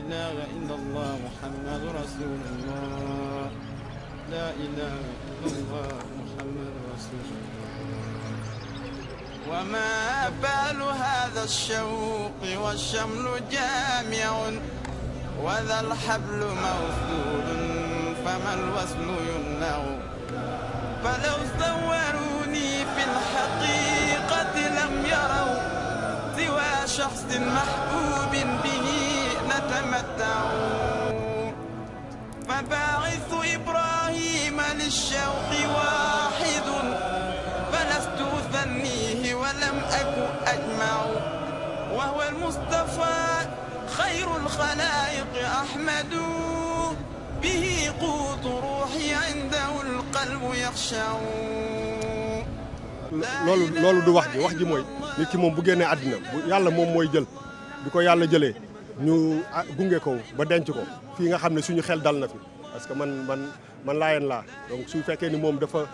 إله إلا الله محمد رسول الله لا إله إلا الله محمد رسول الله وما بال هذا الشوق والشمل جامع وذا الحبل موصول فما الوصل يمنع فلو صوروني في الحقيقة لم يروا سوى شخص محبوب به تمتعوا فباعث إبراهيم للشوق واحد فلست أثنيه ولم أك أجمع وهو المصطفى خير الخلائق أحمد به قوت روحي عنده القلب يخشع loolu loolu du wax ji wax ji mooy nit ki moom bu génnee àddina bu yàlla moom mooy jël bi ko yàlla jëlee ñu ah, gunge ko ba denc ko fii nga xam ne suñu xel dal na fi parce que man man man laayeen laa donc su fekkee ni moom dafa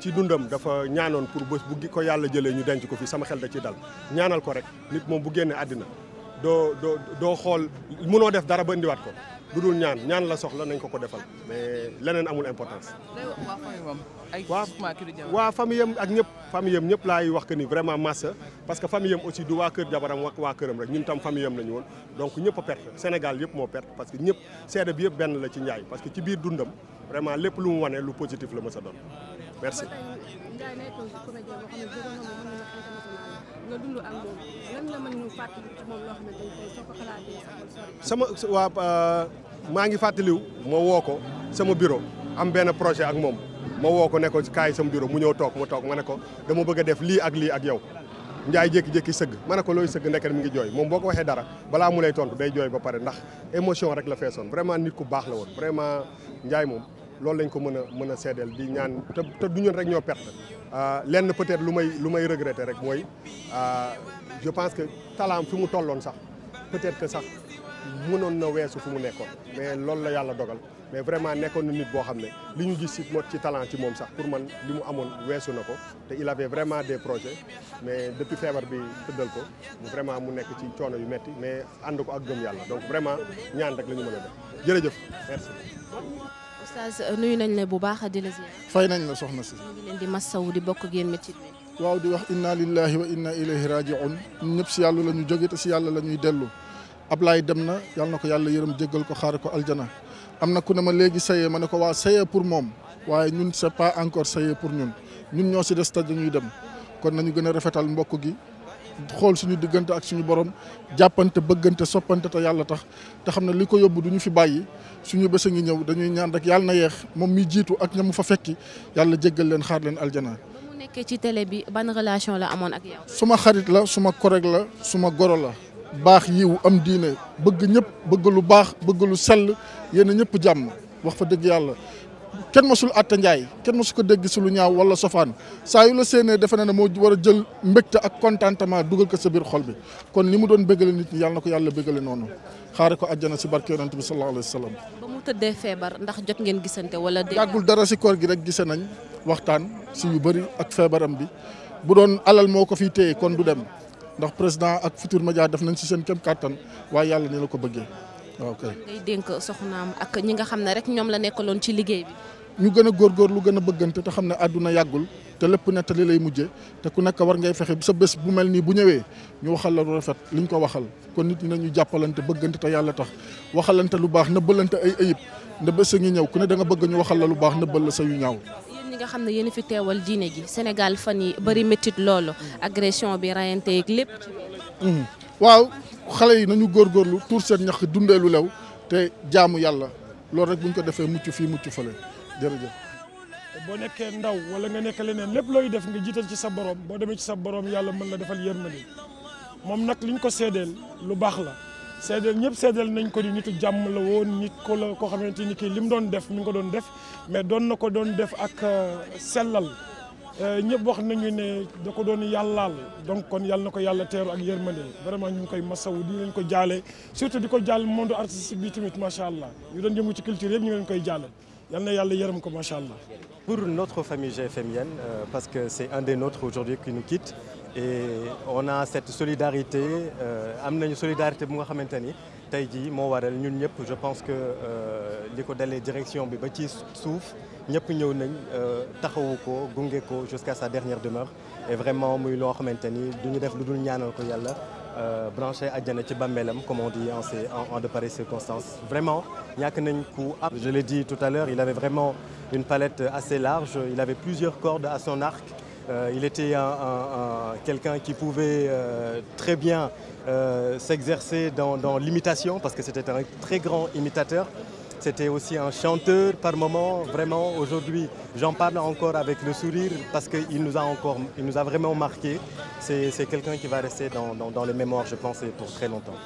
ci dundam dafa ñaanoon pour bés bu ko yàlla jëlee ñu denc ko fi sama xel da ci dal ñaanal ko rek nit moom bu génnee àddina doo doo doo xool mënoo def dara ba indiwaat ko du dul ñaan ñaan la soxla nañ ko ko defal mais leneen amul importance. waaw waa famille am ak ñëpp famille am ñëpp laay wax que ni vraiment massa parce que famille am aussi du waa kër jabaram waa këram rek ñun tam famille am la ñu woon donc ñëpp a perte Sénégal yëpp moo perte parce que ñëpp seede bi yëpp benn la ci Ndiaye parce que ci biir dundam vraiment lépp lu mu wane lu positif la ma sa doon merci. nga dund ak moom lan fàttali ci euh, maa ngi fàttaliwu ma woo ko sama bureau am benn projet ak moom ma woo ko ne ko kaay sama bureau mu ñëw toog ma toog ma ne ko dama bëgg a def lii ak lii ak yow Njaay jékki-jékki sëgg ma ne ko looy sëgg ndeket mi ngi jooy moom boo ko waxee dara balaa mu lay tontu day jooy ba pare ndax émotion rek la feesoon vraiment nit ku baax la woon vraiment Njaay moom loolu lañ ko mën a mën a seedeel di ñaan te te du ñun rek ñoo perte Euh, lenn peut lu may lu may regretter rek mooy euh, je pense que talaam fi mu tolloon sax peut-être que sax mënoon na weesu fu mu nekkoon mais loolu la yàlla dogal mais vraiment nekkoon na nit boo xam ne li ñu gis ci mot ci talent ci moom sax pour man li mu amoon weesu na ko te il vraiment des projet mais depuis feebar bi tëddal ko vraiment mu nekk ci coono yu metti mais ànd ko ak gëm yàlla donc vraiment ñaan rek la ñu mën a def jërëjëf merci Oustaz euh, nuyu nañ la bu baax di la ziar. fay nañ la soxna si. ñu ngi leen di masawu di bokk ak yéen métti bi. waaw di wax inna lillahi wa inna ilayhi raji'un ñun ñëpp si yàlla la ñu jóge te si yàlla la ñuy dellu Ablaye dem na yàlla na ko yàlla yërëm jéggal ko xaar ko aljana am na ku ne ma léegi saye ma ne ko waa saye pour moom waaye ñun c'est pas encore saye pour ñun ñun ñoo si des te dañuy dem kon nañu gën a rafetal mbokk gi xool suñu diggante ak suñu borom jàppante bëggante soppante te yàlla tax te xam ne li ko yóbbu du ñu fi bàyyi suñu bés a ngi ñëw dañuy ñaan rek yàlla na yeex moom mi jiitu ak ña mu fa fekki yàlla jéggal leen xaar leen aljana. mu nekkee ci télé bi ban relation la amoon ak yow. suma xarit la suma koreg la suma goro la. baax yiw am diine bëgg ñëpp bëgg lu baax bëgg lu sell yéen ñëpp jàmm wax fa dëgg yàlla. kenn mosul àtte njaay kenn su ko dégg si lu ñaaw wala sofaan saa yu la séenee defe na ne moo war a jël mbégte ak contentement dugal ko sa biir xol bi kon li mu doon béggale nit ñi yàlla na ko yàlla béggale noonu xaare ko àjjana si barke yonent bi sallallahu alayhi wa sallam. ba mu tëddee feebar ndax jot ngeen gisante wala. yàggul dara si koor gi rek gise nañ waxtaan si yu bëri ak feebaram bi bu doon alal moo ko fiy téye kon du dem ndax président ak Futurs Médias def nañ si seen kem kàttan waaye yàlla ni la ko bëggee. ok ngay dénk soxnaam ak ñi nga xam ne rek ñoom la nekk loon ci liggéey bi. ñu gën a góorgóorlu gën a bëggante te xam ne àdduna yàggul te lépp nettali lay mujje te ku nekk war ngay fexe sa bés bu mel nii bu ñëwee ñu waxal la lu rafet liñ ko waxal kon nit ñi nañu jàppalante bëggante te yàlla tax waxalante lu baax nëbbalante ay ayib nda bés a ngi ñëw ku ne danga nga bëgg ñu waxal la lu baax nëbbal la sa yu ñaaw. ñi nga xam ne yéen fi teewal diine gi senegal fan yi bari métit loolu agression bi rayante yeeg lépp. xale yi nañu góorgóorlu tuur seet ñax dundee lu lew te jaamu yàlla loolu rek bu ñu ko defee mucc fii mucc fële jërëjëf. boo nekkee ndaw wala nga nekk leneen lépp looy def nga jiital ci sa borom boo demee ci sa borom yàlla mën la defal yërmande moom nag ñu ko seedeel lu baax la seedeel ñëpp seddal nañ ko ni nitu jàmm la woon nit ko la koo xamante ni kii li mu doon def mu ngi ko doon def mais doon na ko doon def ak euh, sellal. Euh, ñëpp wax nañu ne da ko doon yàllaal donc kon yàlla na ko yàlla teeru ak yërmande vraiment ñu ngi koy masawu di leen ko jaale surtout di ko jaal monde artistique bi tamit macha allah ñu doon yëngu ci culture yëpp ñu ngi koy jaale. yal na yàlla yaram ko macha allah. pour notre famille GFMienne euh, parce que c'est un des nôtres aujourd'hui qui nous quitte et on a cette solidarité euh, am nañu solidarité bu nga xamante ni tey jii moo waral ñun ñëpp je pense que euh, li ko dalee direction bi ba ci suuf ñëpp ñëw nañ euh, taxawu ko gunge ko jusqu'à sa dernière demeure et vraiment muy loo xamante ni du ñu def lu dul ñaanal ko yàlla. Euh, branché àjjana ci bàmmeelam comme on dit en ces en de pareilles circonstances vraiment ñàkk nañ ku am je l'ai dit tout à l'heure il avait vraiment une palette assez large il avait plusieurs cordes à son arc euh, il était un, un, un quelqu'un qui pouvait euh, très bien euh, s'exercer dans dans l'imitation parce que c'était un très grand imitateur C'était aussi un chanteur par moment. Vraiment, aujourd'hui, j'en parle encore avec le sourire parce qu'il nous a encore, il nous a vraiment marqué. C'est quelqu'un qui va rester dans, dans, dans les mémoires, je pense, et pour très longtemps.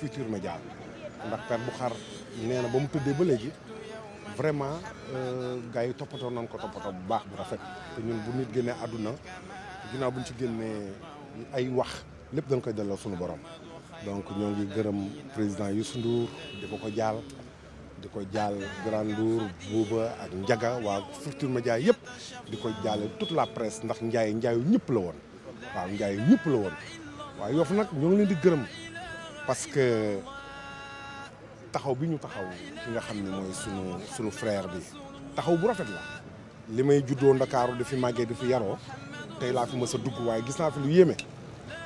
Futur média. ndax Père Boukhar nee na ba mu tuddee ba léegi vraiment euh, gars yi toppatoo nañ ko toppatoo bu baax bu rafet te ñun bu nit génnee àdduna ginnaaw bu ñu ci génnee ay wax lépp dañ koy delloo suñu borom donc ñoo ngi gërëm président Youssou Ndour di ko ko di ko jaal Grand Ndour Bouba ak Ndiaga waa Futurs Médias yëpp di ko jaalee toute la presse ndax Ndiaye Ndiayu ñëpp la woon waaw Ndiaye ñëpp la woon waaw Yoff nag ñoo ngi leen di gërëm parce que taxaw bi ñu taxaw ki nga xam ni mooy sunu sunu frère bi taxaw bu rafet la li may juddoo Ndakaaru di fi màggee di fi yaroo tey laa fi mës dugg waaye gis naa fi lu yéeme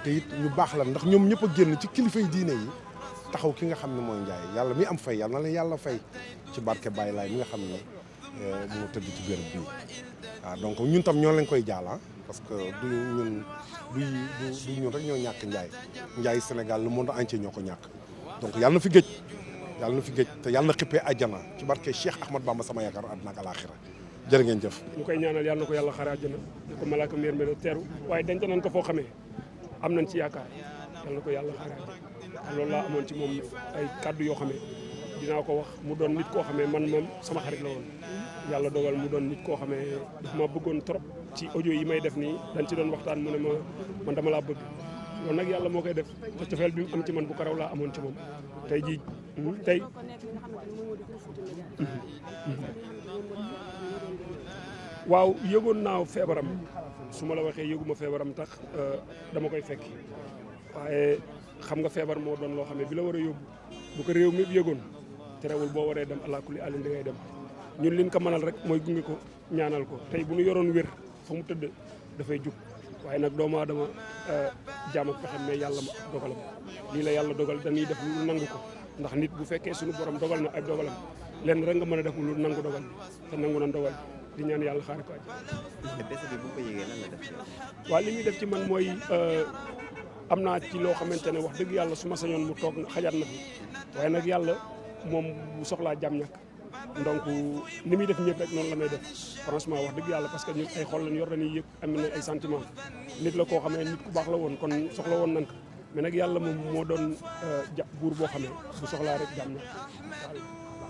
te it ñu baax la ndax ñoom ñëpp a génn ci kilifa yi diine yi taxaw ki nga xam ne mooy Ndiaye yàlla mi am fay yàlla na la yàlla fay ci barke Baye Laay mi nga xam ne eh, moo tëdd ci béréb bii waaw ah, donc ñun tam ñoo leen koy jaala ah, parce que du ñun du du ñun rek ñoo ñàkk Ndiaye Ndiaye Sénégal le monde entier ñoo ko ñàkk donc yàlla na fi géej yàlla na fi géej te yàlla na xippee àjjana ci barke Cheikh Ahmad Bamba sama yaakaar àdduna ak alaaxira jërë ngeen jëf. ñu koy ñaanal yàlla na ko yàlla xaare àjjana di ko malaaka meer teeru waaye denc nañ ko foo xamee am nañ ci yaakaar yàlla na ko yàlla xaare àjjana loolu laa amoon ci moom ay kàddu yoo xam ne dinaa ko wax mu doon nit koo xam ne man moom sama xarit la woon yàlla dogal mu doon nit koo xam ne bëggoon trop ci audio yi may def nii dañ ci doon waxtaan mu ne man dama laa bëgg loolu nag yàlla moo koy def te cofeel bi mu am ci man bu ko laa amoon ci moom tey jii hmm, tey hmm. waaw yëgoon naaw feebaram su ma la waxee yëguma feebaram tax euh, dama koy fekk waaye xam nga feebar moo doon loo xam ne bi la war a yóbbu bu ko réew mi yëgoon terewul boo waree dem allah kulli alin da ngay dem ñun liñ ko manal rek mooy gunge ko ñaanal ko tey bu ñu yoroon wér fa mu tëdd dafay jug waaye nag doomu aadama euh, jaam ak pexe mais yàlla ma dogalam lii la yàlla dogal dañuy def lu nangu ndax nit bu fekkee suñu borom dogal na ay dogalam lenn rek nga mën a def lu nangu dogal te nangu na dogal di ñaan yàlla xaar ko aj. te li muy def ci man mooy. Euh, am naa ci loo xamante ne wax dëgg yàlla su sañoon mu toog na waaye nag yàlla moom soxlaa jàmm ñàkk donc ni muy def ñëpp rek noonu la may def franchement wax dëgg yàlla parce que ñun ay xol lañ yor dañuy yëg am na ay sentiment nit la koo xamee nit ku baax la woon kon soxla woon nañ ko mais nag yàlla moom moo doon euh, buur boo xamee bu soxlaa rek jàmm ñàkk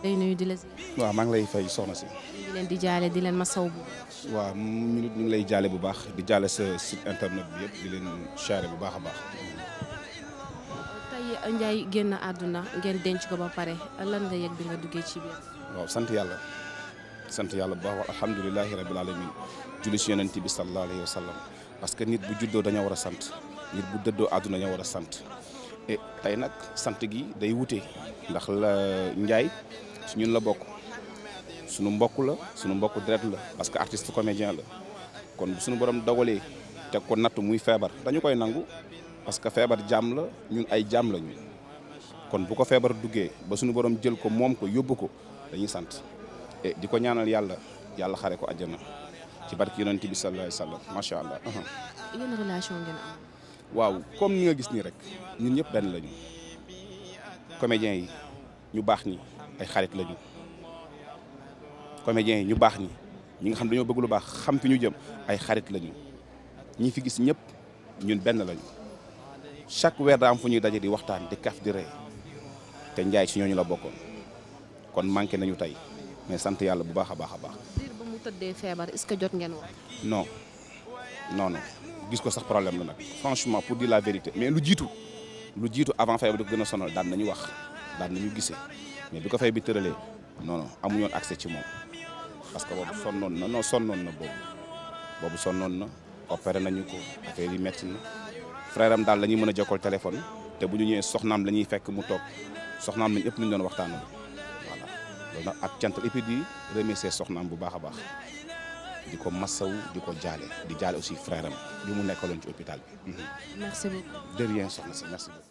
day nuyu di la waaw maa ngi lay fay soxna si. di leen di jaale di leen masaw bu. waaw ñu ñu ngi lay jaale bu baax di jaale sa site internet bi yëpp di leen charré bu baax a baax. a Ndiaye génn àdduna ngeen denc ko ba pare lan nga yëg bi nga duggee ci biir. waaw sant yàlla sant yàlla bu baax alhamdulilahi rabil alamin julli si yonent bi sallallahu alayhi wa sallam parce que nit bu juddoo dañoo war a sant nit bu dëddoo àdduna dañoo war a sant. e tey nag sant gi day wute ndax la Ndiaye su ñun la bokk suñu mbokk la suñu mbokk deret la parce que artiste comédien la kon suñu borom dogalee teg ko natt muy feebar dañu koy nangu parce que feebar jaam la ñun ay jaam la ñu kon bu ko feebar duggee ba suñu borom jël ko moom ko yóbbu ko dañuy sant e di ko ñaanal yàlla yàlla xare ko àjjana ci barki yonent bi sallallahu alayhi wa sallam macha allah. yéen relation ngeen waaw comme ni nga gis nii rek ñun ñëpp benn lañu comédiens yi ñu baax ñi ay xarit lañu comédiens yi ñu baax ñi ñi nga xam dañoo bëgg lu baax xam fi ñu jëm ay xarit lañu ñi fi gis ñëpp ñun benn lañu chaque weer daa am fu ñuy daje di waxtaan di kaf di ree te Ndiaye si ñooñu la bokkoon kon manqué nañu tey mais sant yàlla bu baax a baax a baax. diir ba mu est-ce que jot ngeen wax. non gis ko sax problème la nag franchement pour dire la vérité mais lu jiitu lu jiitu avant fay bi di ko gën a sonal daan nañu wax daan nañu gisee mais bi ko fay bi tëralee non amuñoon accès ci moom parce que boobu sonnoon na non sonnoon na boobu boobu sonnoon na opéré nañu ko affaire yi métti na frère daal la mën a jokkool téléphone te bu ñu ñëwee soxnaam la fekk mu toog soxnaam lañ ëpp lu ñu doon waxtaanal voilà loolu nag ak cant et puis di remercier soxnaam bu baax a baax. di ko massaw di ko jaale di jaale aussi frère am bi mu nekkaloon ci hôpital bi. merci beaucoup. de rien soxna si merci